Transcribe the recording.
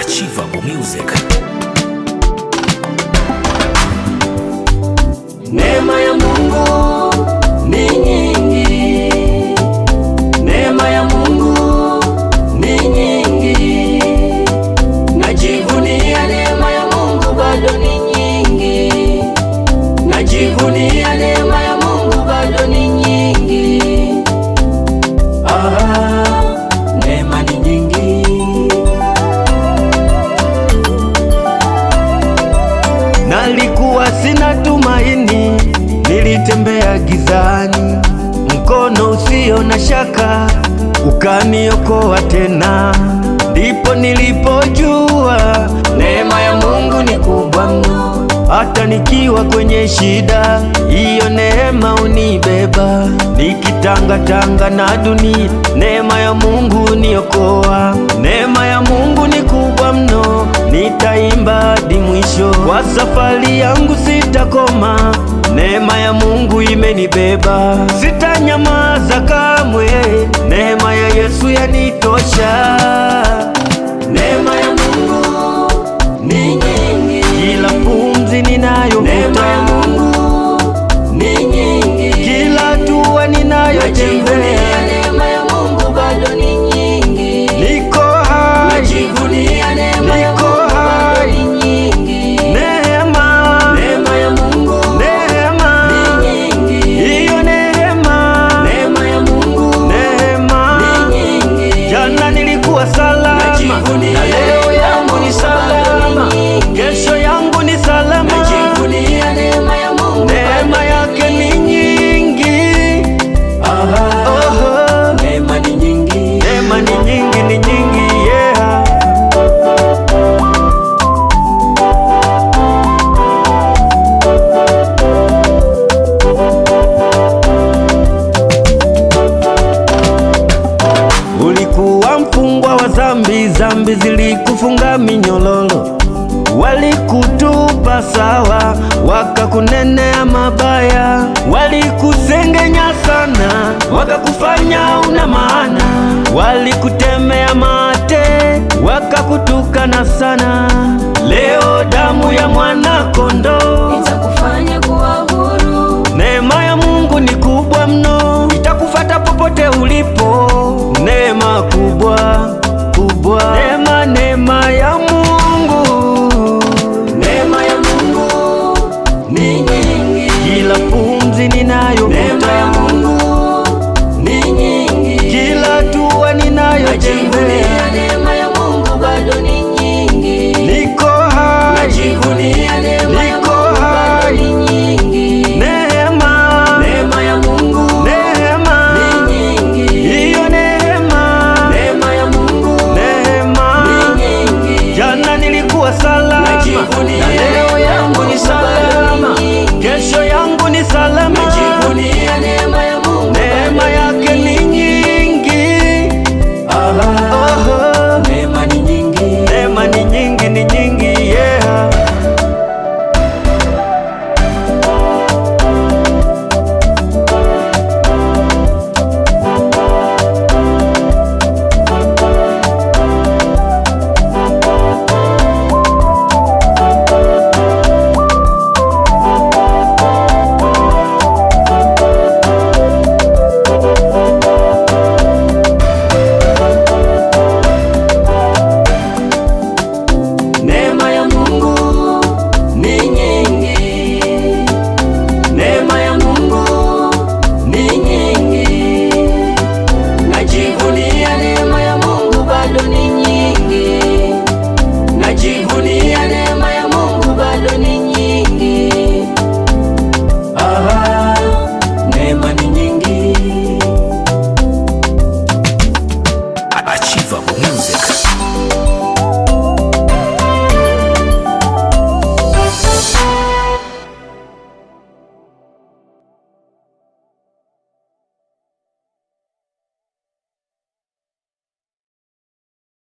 Achievable Music. Neema ya nalikuwa sina tumaini, nilitembea gizani, mkono usio na shaka ukaniokoa tena, ndipo nilipojua neema ya Mungu ni kubwa mno. Hata nikiwa kwenye shida, hiyo neema unibeba, nikitangatanga na dunia, neema ya Mungu uniokoa neema safari yangu sitakoma, neema ya Mungu imenibeba, sitanyamaza kamwe, neema ya Yesu yanitosha. dhambi, dhambi zilikufunga minyololo, walikutupa sawa, wakakunenea mabaya, walikusengenya sana, wakakufanya una maana, walikutemea mate, wakakutukana sana